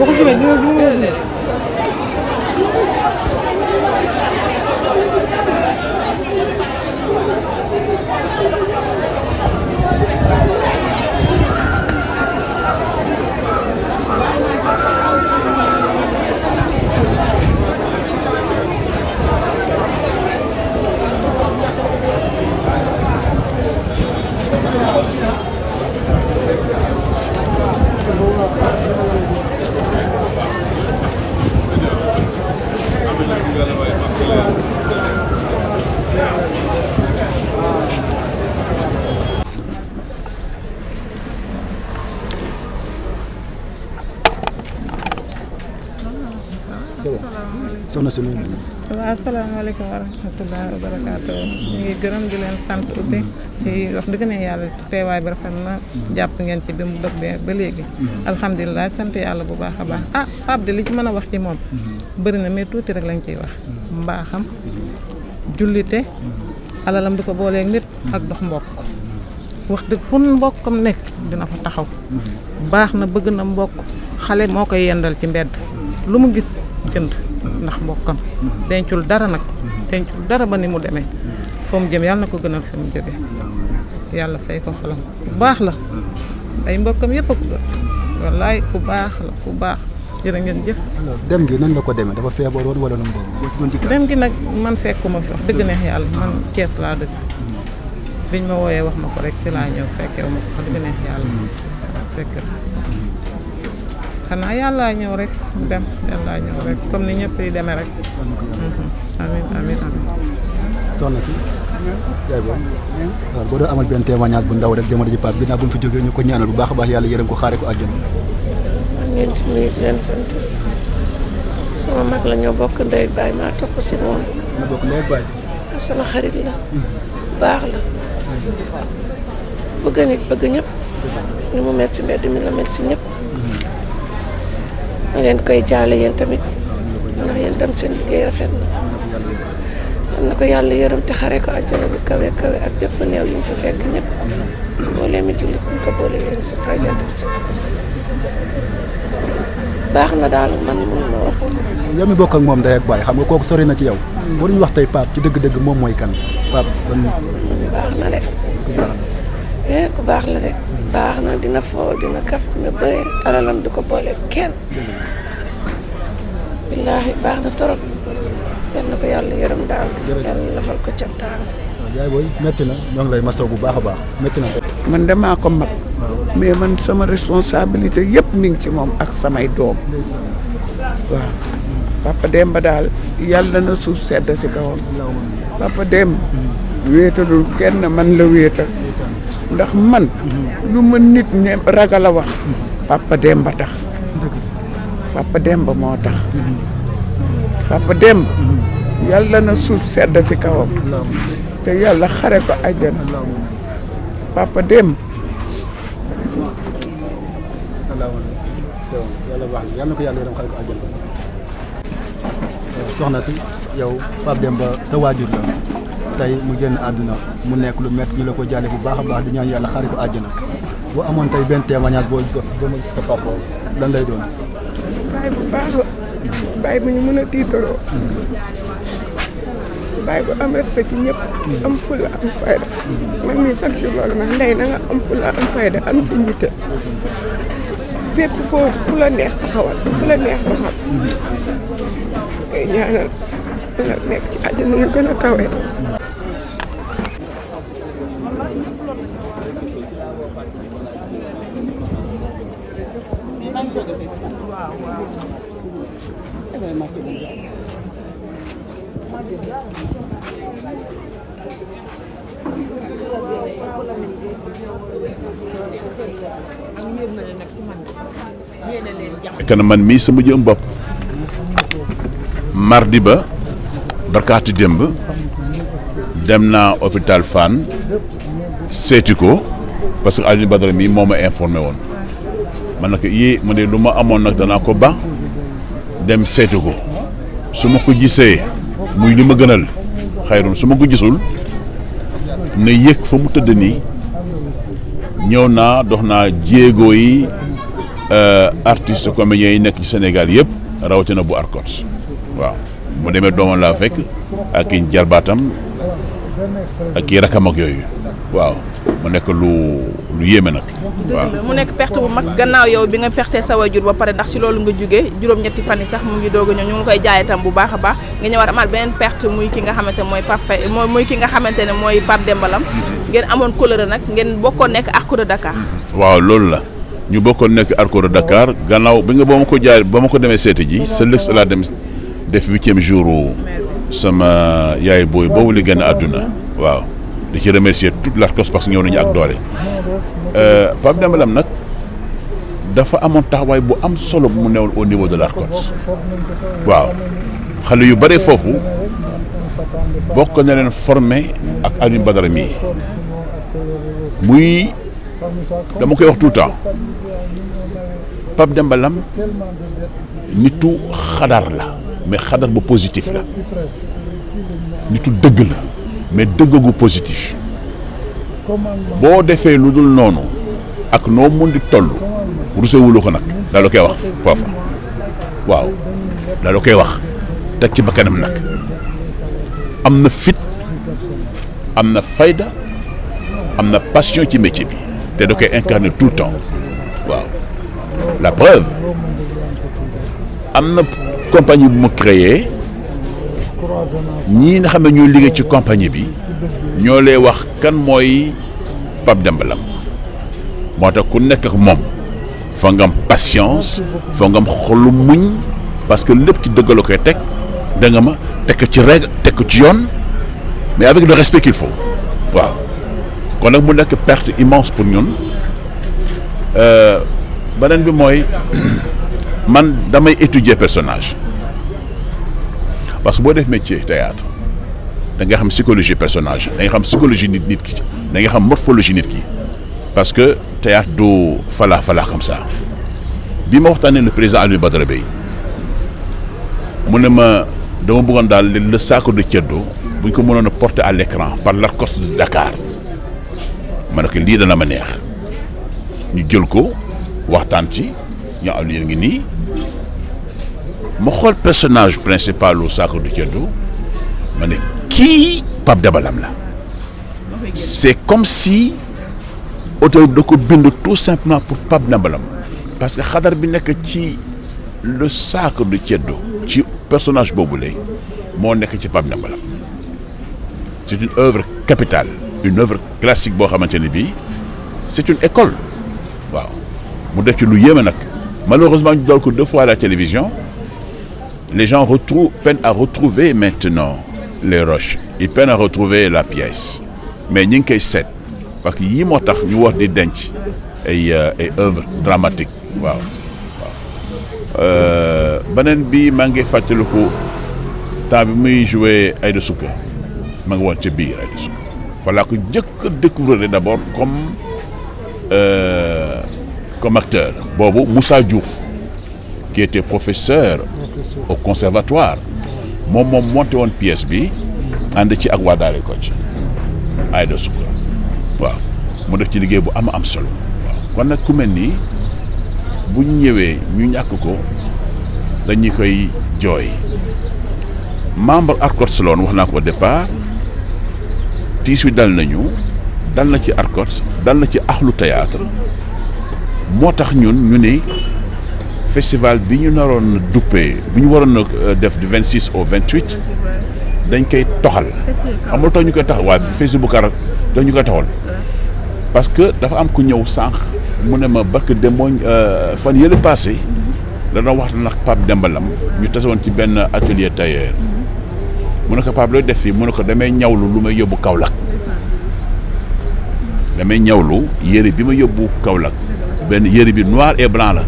boo ko jubee dina dina dina Thank you. soxna si noonu. waaw asalaamaaleykum wa rahmatulah wa barakaatu. ñu ngi gërëm di leen sant aussi. ci wax dëgg ne yàlla teewaay bi rafet na. jàpp ngeen ci bi mu dog bee ba léegi. alhamdulilah sant yàlla bu baax a baax ah Pape de li ci mën a wax ci moom. bëri na mais tuuti rek lañ ciy wax. mbaaxam. jullite. alalam du ko booleeg nit. ak dox mbokk. wax dëgg fu mbokkam nekk dina fa taxaw. baax na bëgg na mbokk. xale moo koy yendal ci mbedd. lu mu gis jënd ndax mbokkam dencul dara nag dencul dara ba ni mu demee fa mu jëm yàlla na ko gënal fi mu yàlla fay ko xolam ku baax la ay mbokkam yëpp a ko gën wallaay baax ku baax jërë ngeen jëf. dem gi nan la ko demee dafa feebar woon wala nu mu demee. dem gi nag man fekkuma fi wax dëgg neex yàlla man Thiès laa dëkk biñ ma wooyee wax ma ko rek si laa ñëw fekkewu ma ko wax dëgg neex yàlla mm-hmm. fekk. xanaa yàllaa ñëw rek dem yàllaa ñëw rek comme ni ñëpp di demee rek amin amin amin boo doon amal benn témoignage bu ndaw rek jamono ji paap ginnaaw bu mu fi jógee ñu ko ñaanal bu baax a baax yàlla yërëm ko xaare ko àjjana ngeen ci nuyu leen sant sama mag la bokk ndey baay maa topp si moom ah, sama xarit la mm-hmm. baax la mm-hmm. bëgg nit bëgg ñëpp ni mu mel si mbedd mi la mel si ñëpp ma leen koy jaale yéen tamit ndax yéen seen liggéey rafet na am na ko yàlla yërëm te xare ko àjjana bu kawe kawe ak bépp néew yu mu fa fekk ñëpp mboolee jullit buñ ko boole yéen si rajantam baax na daal man mun ma wax yow mi bokk ak moom day ak baay xam nga kooku sori na ci yow waruñu wax tey Pape ci dëgg-dëgg moom mooy kan Pape ban baax na de ku baax eh, la de baax na dina foo dina kaf dina bëri alalam du ko boole kenn billaahi baax na torop yal ko yàlla yërëm daal yàlla lafal ko cat daal na ñoo ngi lay masaw bu baax a baax métti na man damaa ko mag mais man sama responsabilité yëpp mi ngi ci moom ak samay doom waaw papa Demba daal yàlla na suuf sedd si kawam papa Demba mm. wéetalul kenn man la wéetal ndax man lu ma nit ne ragal a wax papa Demba tax papa Demba moo tax papa Demba yàlla na suuf sedd ci kawam te yàlla xare ko àjjana papa Demba ko yàlla yaram xale ko sa waajur la tey mu génn àdduna mu nekk lu métti ñu la ko jàlle bu baax a baax di ñaan yàlla xari ko àjjana boo amoon kay benn témoignage boo def ba ma sa papa lan lay doon. bàyyi bu baax la bàyyi am respect ci ñëpp am fulla fayda man mii chaque jour loolu nag ndey na nga am fulla am fayda am dignité fépp foofu fu la neex taxawal fu la neex doxal kay ñaanal nekk ci àddina yu gën a kawe kana man mii sama jëm bopp mardi ba barkaati démb dem naa hôpital fan seeti ko parce que Alioune Badara mii moo ma informé woon man nag yii ma ne lu ma amoon nag danaa ko ba dem seeti ko su ma ko gisee muy li ma gënal xayrun su ma ko gisul na yëg fa mu tëdd nii ñëw naa dox naa jéego yi euh, artiste comédiens yi nekk ci senegal yëpp rawatina bu Arcot waaw mu demee doomam laa fekk ak i jarbaatam ak i rakam yooyu waaw mu nekk lu lu yéeme nag. waaw mu nekk perte bu mag gannaaw yow bi nga perte sa wajur ba pare ndax si loolu nga jógee juróom-ñetti fan yi sax mu ngi doog a ñëw ñu ngi koy jaay itam bu baax a baax nga ñëwaat amaat beneen perte muy ki nga xamante ne mooy Pape Faye mooy ki nga xamante ne mooy Pape Demba Lam. ngeen amoon kóllëre nag ngeen bokkoon nekk Arco de Dakar. waaw loolu la ñu bokkoon nekk Arco de Dakar gannaaw bi nga ba ma ko jaay ba ma ko demee seeti ji sa lëf laa dem def huitième jour sama yaay booy boobu li gën àdduna waaw di ci remercier toute l'ASCOS parce que ñëw nañu ak doole euh, Pape Demba Lam nag dafa amoon taxawaay bu am solo bu mu newoon au niveau de l'ASCOS waaw xale yu bare foofu bokk na leen formé ak Alioune Badara mii muy dama koy wax tout le temps Pape Demba Lam nitu xadar la mais xadar bu positif la nitu dëgg la mais dëggagu positif boo defee lu dul noonu ak noo mun di toll rusewulu ko nag daal koy wax foofu waaw daal koy wax teg ci bakkanam nag am na fit am na fayda am na passion ci métier bi te da koy incarner tout le temps waaw la preuve am na compagnie bu ma créé ñii nga xam ne ñoo liggéey ci compagnie bi ñoo lay wax kan mooy Pape Demba Lam moo tax ku nekk ak moom fa nga am fa nga am xolu muñ parce que lépp ci dëgg koy teg da nga ma teg ci règle teg ci yoon mais avec le respect qu'il faut waaw kon nag mu nekk perte immense pour ñun euh, beneen bi mooy man damay étudier personnage parce que boo def métier théâtre dangay xam psychologie personnage da xam psychologie nit nit ki dangay xam morphologie nit ki parce que théâtre du falaa falaa xam ça bi ma waxtaanee le président Aliou Badara Bey mu ne ma dama bëggoon daal le sacre de Ceddo bu ñu ko mënoon a porter à l'écran par l'Arcos de Dakar ma ne lii dana ma neex ñu jël ko waxtaan ci ñoo am yéen ngi nii moo xool personnage principal u Sakho du Ceddo ma ne kii Pape Daba la c'est comme si auteur da ko bind tout simplement pour Pape Daba Lam parce que xadar bi nekk ci le Sakho du Ceddo ci personnage boobu lay moo nekk ci pab Daba Lam c'est une œuvre capitale une œuvre classique boo xamante ne bii c'est une école waaw mu def ci lu yéeme nag malheureusement ñu dool ko deux fois à la télévision les gens retrouvent, peinent à retrouver maintenant les roches ils peinent à retrouver la pièce mais ñi ngi koy seet parce que yii moo tax ñu wor di denc ay euh, ay œuvre dramatique waaw waaw euh, bi maa ngi fàttaliku temps bi muy joué Aïda Souka ma ngi woon ca biir Aïda Souka voilà ko njëkk a découvrir d'abord comme euh, comme acteur boobu Moussa Diouf qui était professeur au conservatoire moom moom monté woon pièce bi ànd ci ak waa Daaray Kocc Aïda Soukra mu def ci liggéey bu am am solo kon nag ku mel nii bu ñëwee ñu ñàkk ko dañu koy jooy membre ARCOT la wax naa ko au départ tiis wi dal nañu dal na ci ARCOT dal na ci axlu théâtre moo tax ñun ñu ne festival bi ñu naroon a duppee bi ñu waroon a euh, def du o vingt 28 dañ koy toxal amul nga ñu koy tax waaye Facebook ara tax ñu koy taxal parce que dafa am ku ñëw sànq mu ne ma bakk demoon euh, fan yële passé dana wax nag Pape dembalam ñu tase ci benn atelier tailleur mu ne ko Pape looy def fii mu ne ko damay ñawlu lu may yóbbu Kaolack damay ñawlu yére bi ma yóbbu Kaolack benn yére bi noir et blanc la.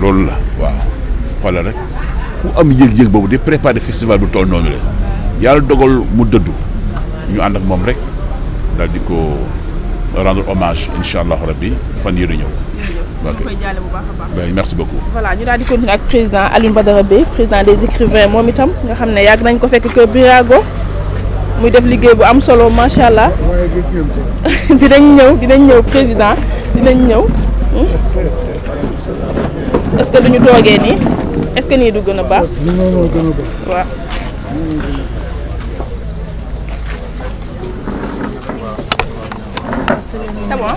loolu la waaw xoolal rek ku am yëg-yëg boobu di préparer festival bu toll noonu la yàlla dogal mu dëddu ñu ànd ak moom rek daal di ko rendre hommage incha allahu rabbi fan yii di ñëw. ok ñu koy a baax. merci beaucoup. voilà ñu daal di continuer ak président Alioune Badara Bèye président des écrivains moom itam nga xam ne yàgg nañ ko fekk kër Birago muy def liggéey bu am solo macha allah. dinañ ñëw dinañ ñëw président dinañ ñëw. Hmm? est-ce que duñu toogee nii est-ce nii du gën a baax. waaw. d'abord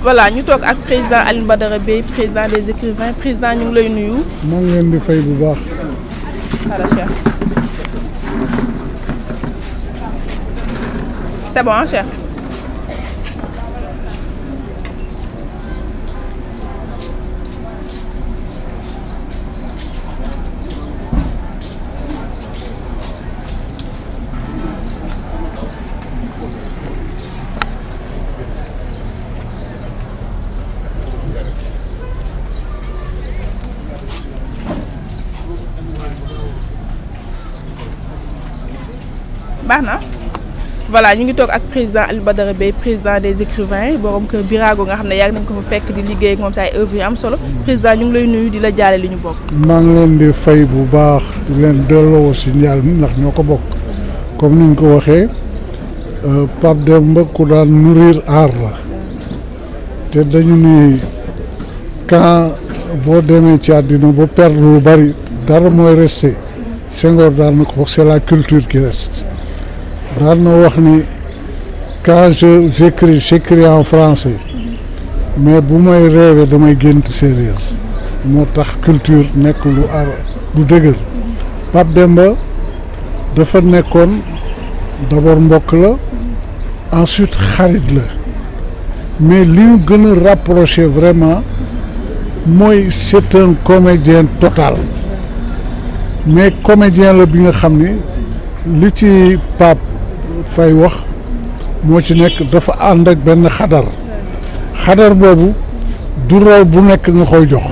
voilà ñu toog ak président Alioune Badara Bèye président des écrivains président ñu ngi lay nuyu. maa ngi leen di fay bu baax. c'est bon voilà ñu ngi toog ak président Aliou Badara président des écrivains borom kër Birago nga xam ne yàgg nañ ko fekk di liggéey ak moom sa am solo président ñu ngi lay nuyu di la jaale li ñu bokk. maa ngi leen di fay bu baax di leen delloo si njaal mi ndax ñoo ko bokk comme ni ñu ko waxee euh, Pape Demba ku daan nourrir aar la te dañu ni quand boo demee ci àddina ba perdre lu bari dara mooy resté Senghor daal na ko foog c'est la culture qui reste. daal noo wax ni quand je j'écris j'écris en français mais bu may rêver damay gént séeréer moo tax culture nekk lu ar lu dëgër Pape Demba dafa nekkoon d'abord mbokk la ensuite xarit la mais li ñu gën a rapproché vraiment mooy c'est un comédien total mais comédien la bi nga xam ni li ci Pape fay wax moo ci nekk dafa ànd ak benn xadar xadar boobu dural bu nekk nga koy jox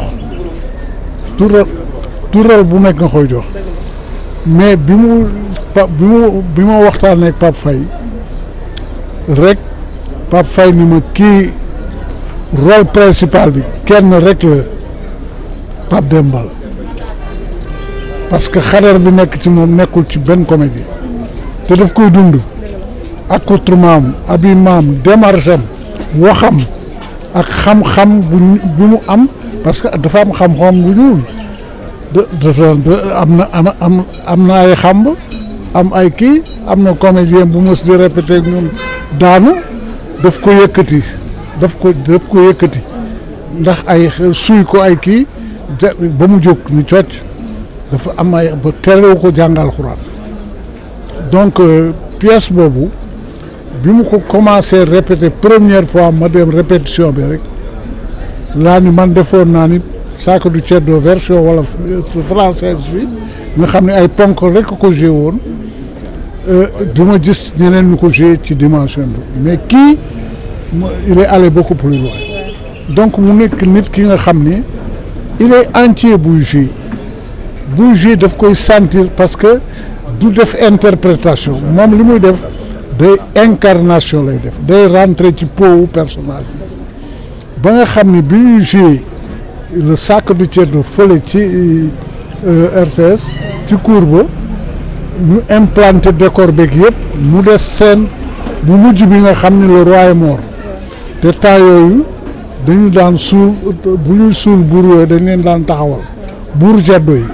dural dural bu nekk nga koy jox mais bi mu pa bi mu bi ma waxtaanee ak Pape Faye rek Pape Faye ni ma kii rôle principal bi kenn rek la Pape Demba la parce que xadar bi nekk ci moom nekkul ci benn comédie te daf koy dund accoutrement am habillement am démarche waxam ak xam-xam bu bu mu am parce que dafa am xam-xam bu ñuul de de am na am am ay xamb am ay kii am na comédien bu mës di répété ñun daanu daf ko yëkkati daf ko daf ko yëkkati ndax ay suy ko ay kii ba mu jóg ñu cocc dafa am ay ba terewu ko jàngal xuraan donc euh, pièce boobu bi mu ko commencé répété première fois ma dem répétition bi rek laa ni man defoon naa ni Saaka du Ceddo version wala euh, française bi nga xam ne ay ponk rek ko joué woon euh, du ma gis ñeneen ñu ko joué ci dimension bi mais kii il est allé beaucoup plus loin donc mu nekk nit ki nga xam ni il est entier buy joué buy joué daf koy sentir parce que du def interprétation moom li muy def. day incarnation lay def day rentre ci peau personnage ba nga xam ni bi ñuy joué le sac du Ceddo fële ci euh, RTS ci cour ba ñu implanté décor beeg yëpp mu des seen bu mujj bi nga xam ni le roi mort te temps yooyu dañu daan suul bu ñuy suul buur yooyu dañ leen daan taxawal buur Ceddo yi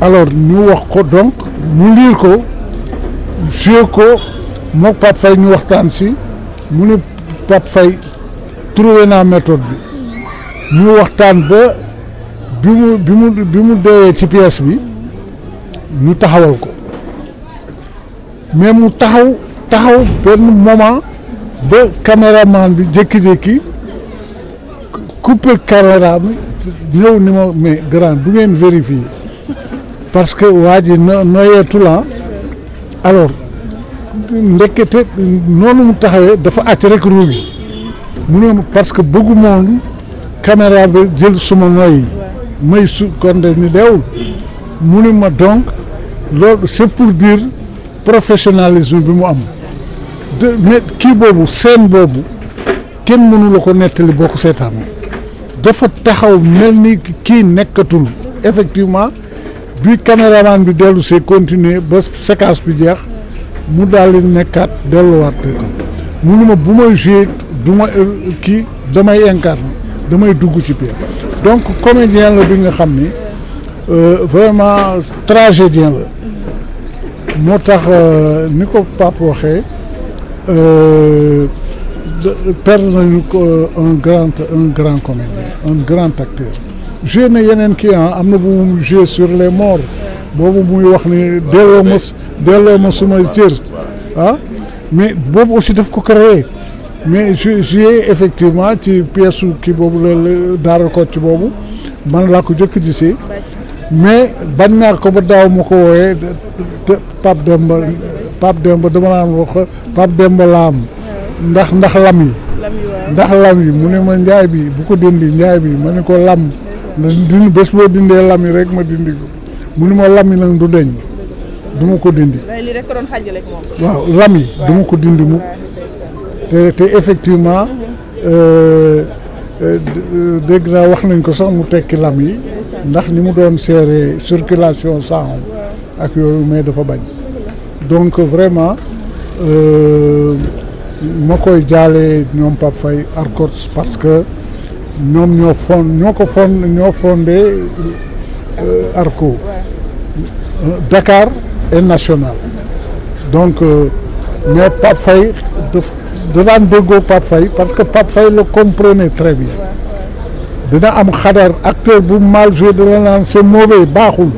alors ñu wax ko donc ñu liir ko joué ko mook Pape Faye ñu waxtaan si mu ne Pape Faye trouvé naa méthode bi ñu waxtaan ba bi mu bi mu bi mu deewee ci pièce bi ñu taxawal ko mais mu taxaw taxaw benn moment ba caméraman bi jékki-jékki coupé caméra bi ñëw ni ma mais grand du ngeen vérifier parce que waa ji noyeetu la ah. alors ndekete noonu mu taxawee dafa àcc rek ruu gi mu ne parce que bëggu moom ba jël suma noyyi may su konde ni deewul mu ne ma donc loolu c'est pour dire professionnalisme bi mu am de kii boobu scène boobu kenn mënu ko nettali boo ko seetaan dafa taxaw mel ni kii nekkatul effectivement bi caméraman bi dellu see continuer ba séquence bi jeex mu daal nekkaat delluwaat ko munu ma bu may joué du ma euh, kii damay incarné damay dugg ci biir donc comédien la bi nga xam ni euh, vraiment tragédien la moo tax euh, ni ko Pape waxee perdre nañu ko un grand un grand comédien un grand acteur joué na yeneen kii ah, am na bu mu joué sur les morts boobu muy wax ni delloo ma delloo ma suma cër ah mais boobu aussi daf ko créé mais su suyee effectivement ci pièce su kii boobu la daaral ko ci boobu man laa ko jëkk gisee mais bañ naa ko ba daaw ma ko wooyee Pape Demba Pape Demba dama naan wax Pape Demba laam ndax ndax lam yi ndax lam yi mu ne ma njaay bi bu ko dindi njaay bi ma ne ko lam dindi su boo dindee lam yi rek ma dindi ko mu ni ma lam yi nag du deñ du ko dindi. li waaw lam yi du ma ko dindi mu te te effectivement mhm. euh, euh, euh, dégg naa wax nañ ko sax mu tekki lam yi ndax ni mu doon seeree circulation sang ak yooyu mais dafa bañ donc vraiment ma koy jaalee ñoom Pape Faye Arcos parce que ñoom ñoo fond ñoo ko fond ñoo fondé Euh, Dakar et national donc euh, mais Pape Faye da daan déggoo Pape Faye parce que Pape Faye le comprenait très bien dina am xadar acteur bu mal joué dina naan mauvais baaxul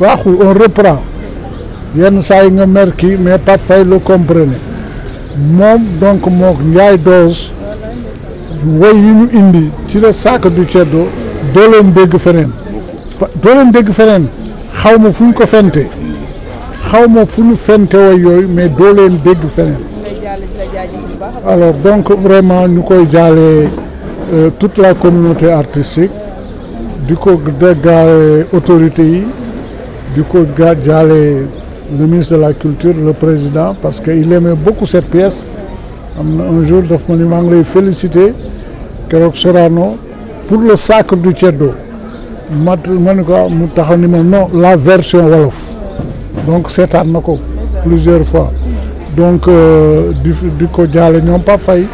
baaxul on reprend yenn saa yi nga mer mais Pape Faye le comprenait moom donc mook Ndiaye Doos woy yi ñu indi ci la sac du ceddo doo leen dégg feneen doo leen dégg feneen xaw ma fu ñu ko fente xawma fu ñu fente wa yooyu mais doo leen dégg feneen alors donc vraiment ñu koy jaalee euh, toute la communauté artistique di ko jaalee autorité yi di ko jaalee le ministre de la culture le président parce que il aimait beaucoup cette pièce am na un jour daf ma ni maa ngi lay féliciter keroog Sorano pour le sacre du Ceddo mat ma ne ko mu taxaw ni ma non la version wolof donc seetaan na ko plusieurs fois donc euh, di di ko jaale ñoom Pape fay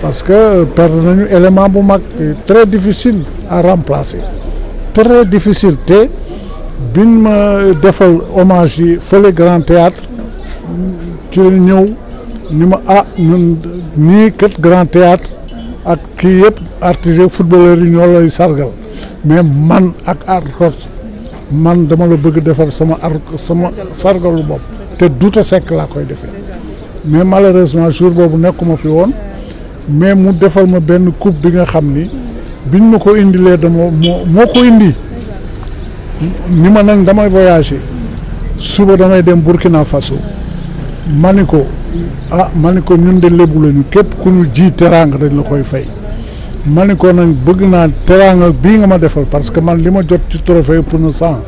parce que euh, perdre nañu élément bu mag très difficile à remplacer très difficile te biñ ma defal hommage yi fële grand théâtre ci ñëw ni ma ah ñun nii grand théâtre ak kii yëpp artiser footballeurs yi ñoo lay sargal mais man ak arcos man dama la bëgg defar sama arc sama sargalu bopp te duta sekk laa koy defee mais malheureusement jour boobu nekkuma fi woon mais mu defal ma benn coupe bi nga xam ni biñ ma ko indilee dama moo moo ko indi ni ma nag damay voyager suba damay dem Burkina Faso ma ni ko ah ma ni ko ñun de lébu lañu képp ku ñu ji teraanga dañ la koy fay ma ne ko nag bëgg naa teraanga bii nga ma defal parce que man li ma jot ci trophée pour na cent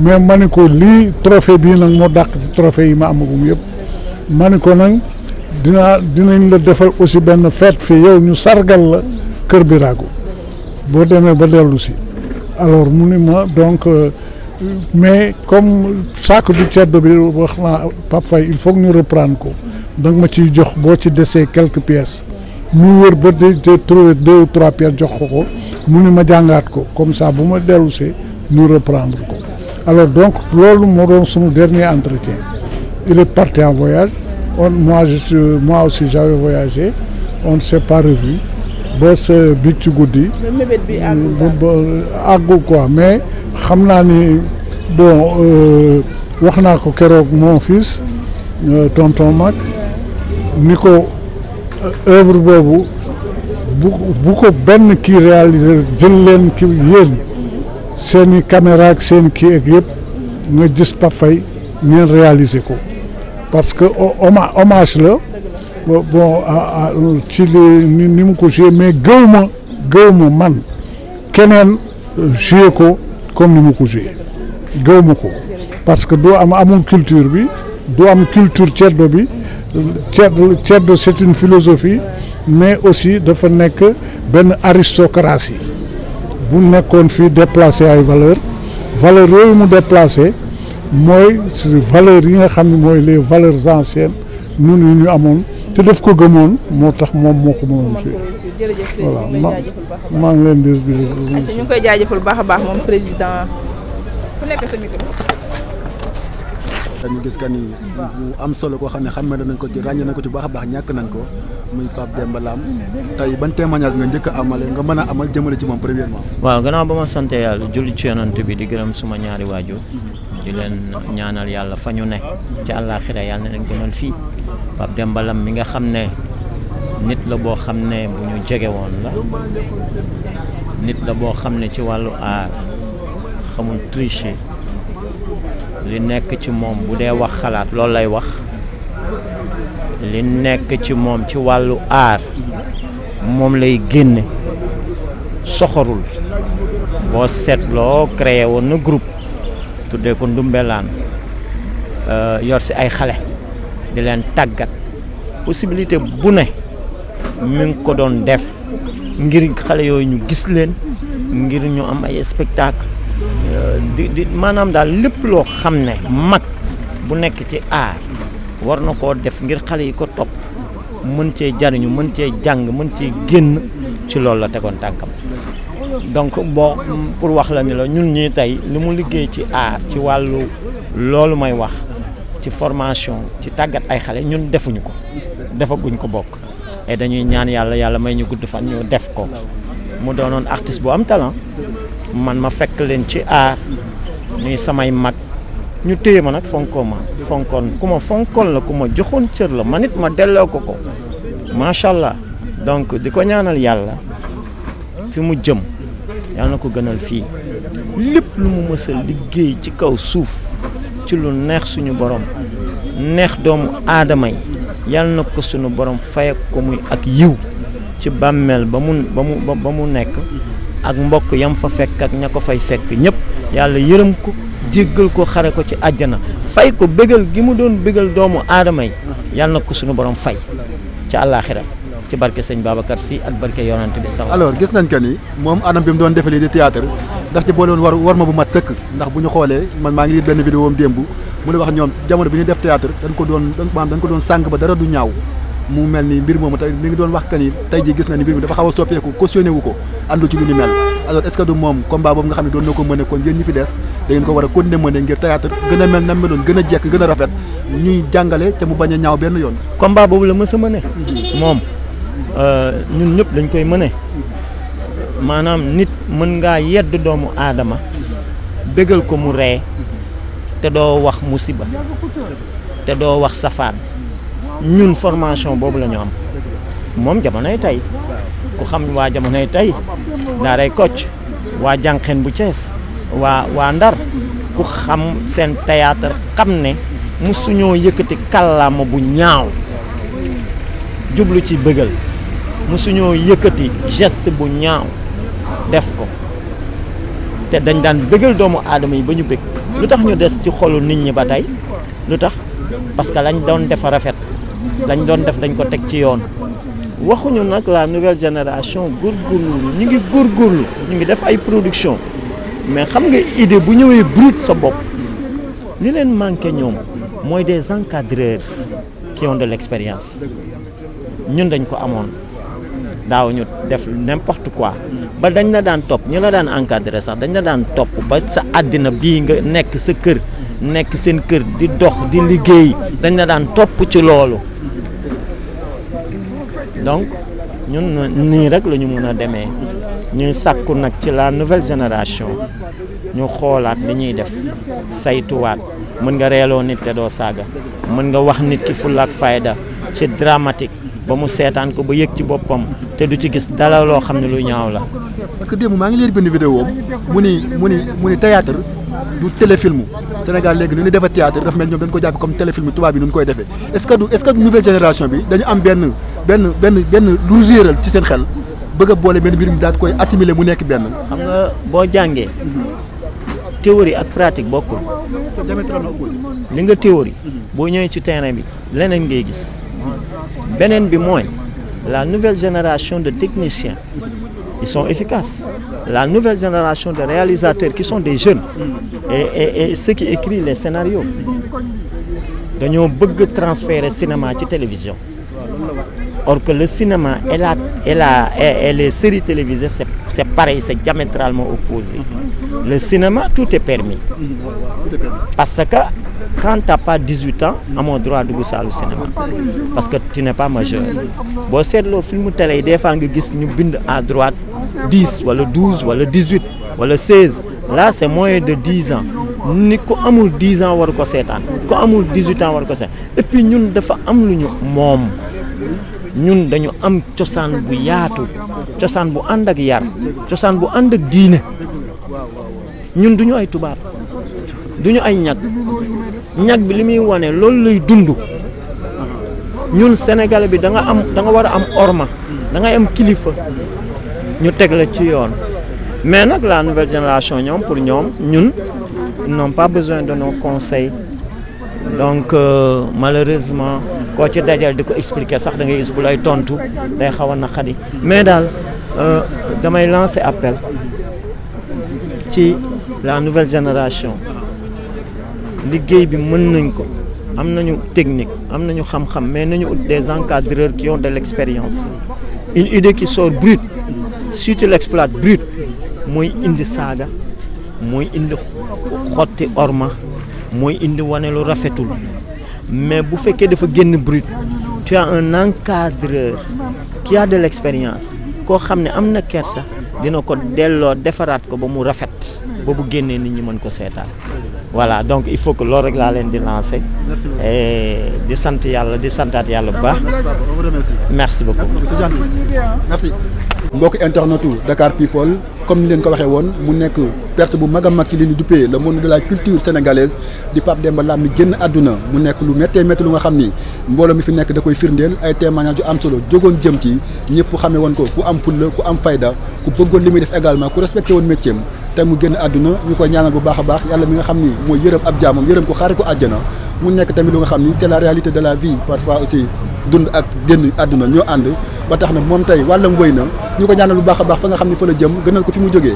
mais ma ne ko lii trophée bii nag moo dàq ci trophée yi ma amagum yëpp ma ne ko nag dinaa dinañ la defal aussi benn fête fii yow ñu sargal la Kër bi Birago boo demee ba dellu si alors mu ni ma donc euh, mais comme sac du ceddo bi wax naa pap Faye il faut ñu reprendre ko donc ma ciy jox boo ci desee quelques pièces ñu wër ba de trouver deux ou trois pierres jox ko ko mu ne ma jàngaat ko comme ça bu ma dellusee ñu reprendre ko alors donc loolu moo doon suñu dernier entretien il est parti en voyage on mois je mois aussi j'avais voyagé on ne s'est pas revu ba sa bi ci guddi. Mm, ba àggul quoi mais xam naa ni euh, wax naa ko keroog mon fils euh, tonton Mag ni ko. œuvre boobu bu bu ko benn kii réaliser jël leen ki yéen seen i caméra ak seen kii ak yëpp nga gis Pape Faye ngeen réaliser ko parce que homa hommage la bon ci li ni mu ko joué mais gëw ma man keneen euh, joué ko comme ni mu ko joué gëw ko parce que doo am amul culture bi doo am culture ceddo bi ceddu ceddu c'est une philosophie mais aussi dafa nekk benn aristocratie bu nekkoon fi déplacé ay valeur valeur yooyu mu déplacé mooy valeurs yi nga xam ne mooy les valeurs anciennes ñun yu ñu amoon te daf ko gëmoon moo tax moom moo ko mënoon suy voilà maa ngi leen di ñu koy jaajëfal baax a baax moom président dañu gis que ni bu am solo koo xam ne xàmmee nañ ko ci ràññee nañ ko ci baax a baax ñàkk nañ ko muy Pape Demba Lam tey ban témoignage nga njëkk a amale nga mën a amal jëmale ci moom premièrement. waaw gannaaw ba ma sant yàlla julli ci yonent bi di gërëm suma ñaari waajur di leen ñaanal yàlla fa ñu ne ci àllaaxira yàlla na leen gënal fii Pape Demba Lam mi nga xam ne nit la boo xam ne bu ñu jege woon la nit la boo xam ne ci wàllu aar xamul tricher. li nekk ci moom bu dee wax xalaat loolu lay wax li nekk ci moom ci wàllu aar moom lay génne soxorul boo seetloo créé woon na groupe tuddee ko Ndumbelaan euh, yor si ay xale di leen tàggat possibilité bu ne mi ngi ko doon def ngir xale yooyu ñu gis leen ngir ñu am ay spectacle di di maanaam daal lépp loo xam ne mag bu nekk ci aar war na koo def ngir xale yi ko topp mën cee jariñu mën cee jàng mën cee génn ci loolu la tegoon tànkam donc boo pour wax la ni la ñun ñii tey li mu liggéey ci aar ci wàllu loolu may wax ci formation ci tàggat ay xale ñun defuñu ko defaguñ ko bokk et dañuy ñaan yàlla yàlla may ñu gudd fan ñu def ko mu doonoon artiste bu am talent man ma fekk leen ci aar ñuy samay mag ñu téye ma nag fonkoo ma fonkoon ku ma fonkoon la ku ma joxoon cër la man it ma delloo ko ko macha allah donc di ko ñaanal yàlla fi mu jëm yàlla na ko gënal fii lépp lu mu mës liggéey ci kaw suuf ci lu neex suñu borom neex doomu aadama yi yàlla na ko suñu borom fay ak ko muy ak yiw ci bàmmeel ba mu ba mu ba mu nekk ak mbokk yam fa fekk ak ña ko fay fekk ñëpp yàlla yërëm ko jéggal ko xare ko ci àjjana fay ko bégal gi mu doon bégal doomu aadama yi yàlla na ko suñu borom fay ci àllaaxira ci barke sëñ Babacar si ak barke yonante bi sax alors gis nañ que ni moom anam bi mu doon defalee di théâtre daf ci boole woon war war ma bu mat sëkk ndax bu ñu xoolee man maa ngi lire benn vidéo am démb mu ne wax ñoom jamono bi ñuy def théâtre dañ ko doon dañ ko doon sàng ba dara du ñaaw mu mel ni mbir moomu tey mi ngi doon wax que ni tey ji gis na ni mbir mi dafa xaw soppeeku cautionné ko àndu ci lu ni mel alors est-ce que du moom combat boobu nga xam ne doon na ko mën kon da ko war a continuer mën ngir théâtre a mel na meloon a jekk gën a te mu bañ a ñaaw benn yoon combat boobu la mës a mëne mm-hmm. moom euh, ñun ñëpp dañ koy mëne maanaam nit mën ngaa yedd doomu aadama bégal ko mu ree te doo wax musiba te doo wax safaan ñun formation boobu lañu ñu am moom jamonoy tey ku xam waa jamonoy tey daaray Kocc waa jànqeen bu Cees waa waa Ndar ku xam seen théâtre xam ne musuñoo yëkkati kàllaama bu ñaaw jublu ci bëggal musuñoo yëkkati geste bu ñaaw def ko te dañ daan bëggal doomu aadama yi ba ñu bëgg lu tax ñu des ci xolu nit ñi ba tey lu tax parce lañ doon defa rafet dañ doon def dañ ko teg ci yoon waxuñu nag la nouvelle génération góorgóorlu ñu ngi góorgóorlu ñu ngi def ay production mais xam nga idée bu ñëwee brute sa bopp li leen manqué ñoom mooy des encadreurs qui ont de l'expérience ñun dañ ko amoon daaw ñu def n'importe quoi ba dañ la daan topp ñu la daan encadré sax dañ la daan topp ba sa àddina bii nga nekk sa kër nekk seen kër di dox di liggéey dañ la daan topp ci loolu donc ñun nii rek la ñu mun a demee ñuy sàkku nag ci la nouvelle génération ñu xoolaat dañuy ñuy def saytuwaat mën nga reeloo nit te doo saaga mën nga wax nit ki fulla ak fayda ci dramatique ba mu seetaan ko ba yëg ci boppam te du ci gis dara loo xam ne lu ñaaw la. parce que démb maa ngi leer benn vidéo mu ni mu ni mu ni théâtre du téléfilm Sénégal léegi nu ñu defee théâtre dafa mel ñoom dañu ko jàpp comme téléfilm tubaab yi nu ñu koy defee est ce que du génération bi dañu am benn benn benn benn lu réeral ci seen xel bëgg boole benn mbir mi daal koy assimiler mu nekk benn. xam nga boo jàngee. théorie ak pratique bokkul li nga théorie boo ñëwee ci terrain bi leneen ngay gis beneen bi mooy la nouvelle génération de techniciens ils sont efficaces la nouvelle génération de réalisateurs qui sont des jeunes et et, et ceux qui écrivent les scénarios dañoo bëgg transférer cinéma ci télévision or que le cinéma et la et la les séries télévisées c'est pareil, c'est diamétralement opposé. Le cinéma, tout est permis. Parce que quand tu n'as pas 18 ans, amoo droit dugg saalu cinéma parce que tu n'es pas majeur boo seetloo filmu télé yi des fois nga gis ñu bind à droite 10 wala 12 wala 18 wala 16 là c'est moins de 10 ans ni ku amul 10 ans war ko seetaan ku amul 18 ans war ko seetaan et ñun dafa am lu ñu moom ñun dañu am cosaan bu yaatu cosaan bu ànd ak yar cosaan bu ànd ak diine ñun duñu ay tubaab duñu ay ñag ñag bi li muy wane loolu lay dund ñun sénégalais bi danga am danga war a am orma da ngay am kilifa ñu teg la ci yoon mais nag la nouvelle génération ñoom pour ñoom ñun n'ont pas besoin de nos donc euh, malheureusement koo ci dajal di ko expliquer sax da ngay gis bu lay tontu day xaw a naqadi mais daal euh, damay lancer appel ci la nouvelle génération liggéey bi mën nañ ko am nañu technique am nañu xam-xam mais nañu ut des encadreurs qui ont de l'expérience une idée qui sort brute si tu brute mooy indi saaga mooy indi xotti orma mooy indi wane lu rafetul mais bu fekkee dafa génn brut tu as un encadreur qui a de l'expérience koo xam ne am na kersa dina ko delloo defaraat ko ba mu rafet ba bu génnee nit ñi mën ko seetaan voilà donc il faut que loolu rek laa leen di lancer di sant yàlla di santaat yàlla bu baax merci beaucoup merci. mbokk internetu Dakar People comme ni leen ko waxee woon mu nekk perte bu mag a mag ci li ñu duppee le monde de la culture sénégalaise di Pape Demba mi génn àdduna mu nekk lu méttee métti lu nga xam ni mbooloo mi fi nekk da koy firndeel ay témoignages yu am solo jógoon jëm ci ñëpp xamee woon ko ku am fulla ku am fayda ku bëggoon li muy def également ku respecté woon métier am mu génn àdduna ñu koy ñaanal bu baax baax yàlla mi nga xam ni mooy yërëm ab jaamam yërëm ko xaari ko àjjana mu nekk tamit lu nga xam ni c'est la réalité de la vie parfois aussi dund ak génn àdduna ñoo ànd ba tax na moom tey wàllam wëy na ñu ko ñaanal bu baax a baax fa nga xam ni fa la jëm gënal ko fi mu jóge